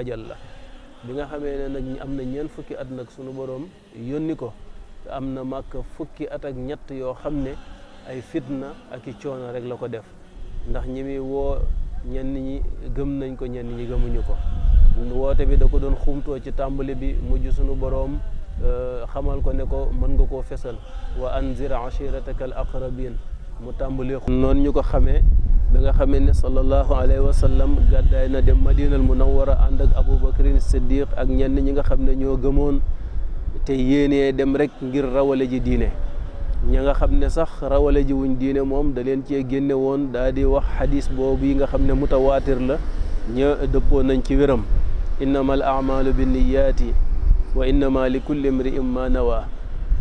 wa jalla bi nga xamee ne nag am na ñeent fukki at nag sunu boroom yónni ko am na màkk fukki at ak ñett yoo xam ne ay fitna ak i coono rek la ko def ndax ñi muy woo ñenn ñi gëm nañ ko ñenn ñi gëmuñu ko woote bi da ko doon xumtoo ci tàmbali bi mujj sunu boroom euh, xamal ko ne ko mën nga koo fesal wa anzir ashirataka al aqrabin mu tàmbali noonu ñu ko xamee bi nga xamee ne sallallahu alayhi wa sallam gàddaay na dem madinal munawwara ànd ak aboubacrin siddiq ak ñenn ñi nga xam ne ñoo gëmoon te yéenee dem rek ngir rawale ji diine ña nga xam ne sax rawale ji wuñ diine moom da leen cee génne woon daa di wax xadis boobu yi nga xam ne mutawaatir la ña dëppoo nañ ci wéram innama al amalu bi niyaati wa innama li kulli imri nawa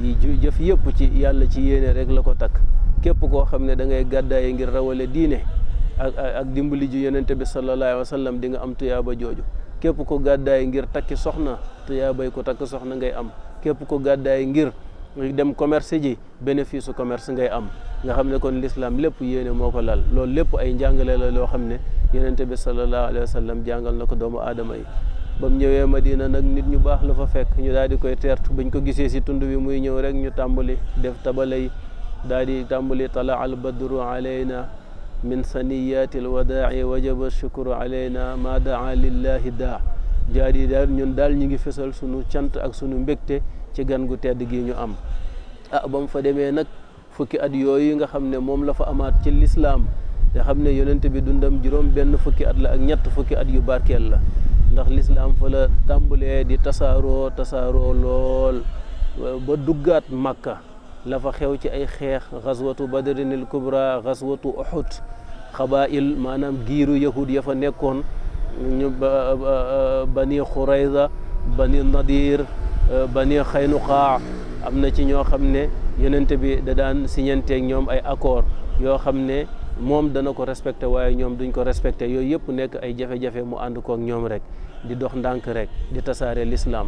yi jëf yëpp ci yàlla ci yéene rek la ko takk képp koo xam ne da ngay gàddaaye ngir rawale diine ak ak dimbali ji yonente bi sallallahu alayhi wa sallam di nga am tuyaaba jooju képp ko gàddaay ngir takki soxna tuyaabay ko takk soxna ngay am képp ko gàddaay ngir dem commerce ji bénéfice commerce ngay am nga xam ne kon l'islam lépp yéene moo ko lal loolu lépp ay njàngale la loo xam ne yonente bi sallallahu alayhi wa sallam jàngal na ko doomu aadama yi ba mu ñëwee Madina nag nit ñu baax la fa fekk ñu daal di koy teertu bañ ko gisee si tund bi muy ñëw rek ñu tàmbali def tabala daal di tàmbali tala al badru alayna min saniyati alwadai wajaba shukuru alayna ma daa lillahi daa jaari daal ñun daal ñu ngi fesal sunu cant ak sunu mbégte ci gan gu tedd gi ñu am ah ba fa demee nag fukki at yooyu nga xam ne moom la fa amaat ci lislaam te xam ne yonent bi dundam juróom benn fukki at la ak ñett fukki at yu barkeel la ndax lislaam fa la tàmbalee di tasaaroo tasaaroo lool ba duggaat màkka la fa xew ci ay xeex xaswatu badrinil kubra xaswatu uhud xabail maanaam giiru yahud ya fa nekkoon ñu bani xurayza bani nadir bani xaynuqaa am na ci ñoo xam ne yonent bi da daan siñanteeg ñoom ay accord yoo xam ne moom dana ko respecté waaye ñoom duñ ko respecté yooyu yëpp nekk ay jafe-jafe mu ànd kook ñoom rek di dox ndànk rek di tasaare lislaam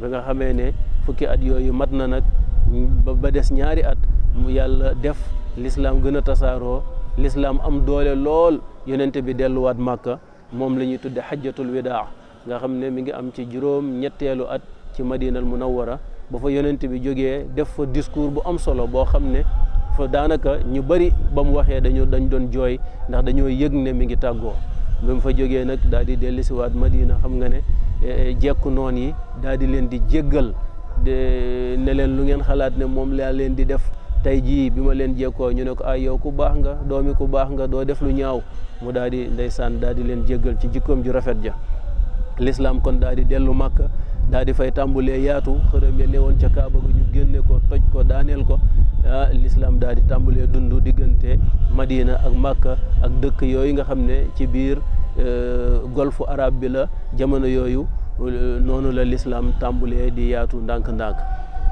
ba nga xamee ne fukki at yooyu mat na nag ba des ñaari at mu yàlla def lislaam gën a tasaaroo lislaam am doole lool yonente bi delluwaat màkka moom la ñuy tudde xajjatul widaa nga xam ne mi ngi am ci juróom ñetteelu at ci madinal munawwara ba fa yonente bi jógee def fa discours bu am solo boo xam ne fa daanaka ñu bari ba mu waxee dañu dañ doon jooy ndax dañoo yëg ne mi ngi tàggoo ba mu fa jógee nag daal di dellusiwaat madina xam nga ne eh, eh, jekk noon yi daal di leen di jéggal de ne leen lu ngeen xalaat ne moom laa leen di def tey jii bi ma leen jekkoo ñu ne ko ay yow ku baax nga doomi ku baax nga doo def lu ñaaw mu daal di ndeysaan daal di leen jéggal ci jikkoom ju rafet ja lislaam kon daal di dellu màkk daal di fay tàmbule yaatu xërëm ya ne woon ca kaaba ga ñu génne ko toj ko daaneel ko ah lislaam daal di tàmbulee dund diggante madina ak màkka ak dëkk yooyu nga xam ne ci biir euh, golfu araab bi la jamono yooyu noonu la lislaam tàmbulee di yaatu ndànk-ndànk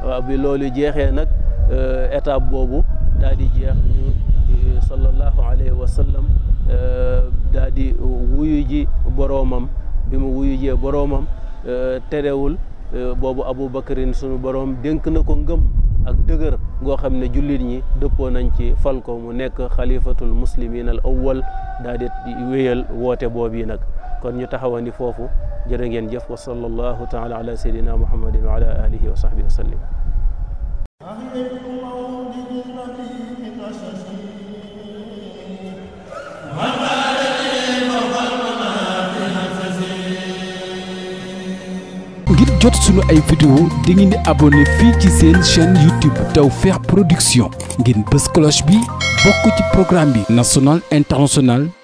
waaw bi loolu jeexee nag euh, étape boobu daadi di jeex ñu sallallahu alayhi wa sallam euh, wuyu ji boroomam bi mu wuyu jee boroomam euh, terewul boobu Aboubacarin sunu boroom dénk na ko ngëm ak dëgër goo xam ne jullit ñi dëppoo nañ ci fal ko mu nekk xalifatul muslimin al awwal daal di wéyal woote boob yi nag kon ñu taxawandi foofu jërë ngeen jëf wa sallallahu taala ala sayyidina muhammadin wa ala alihi wa sahbihi wa sallim ngir jot sunu ay vidéo di ngeen di abonné fii ci seen chaîne YouTube Tawfekh Production ngir bës cloche bi bokk ci programme bi national international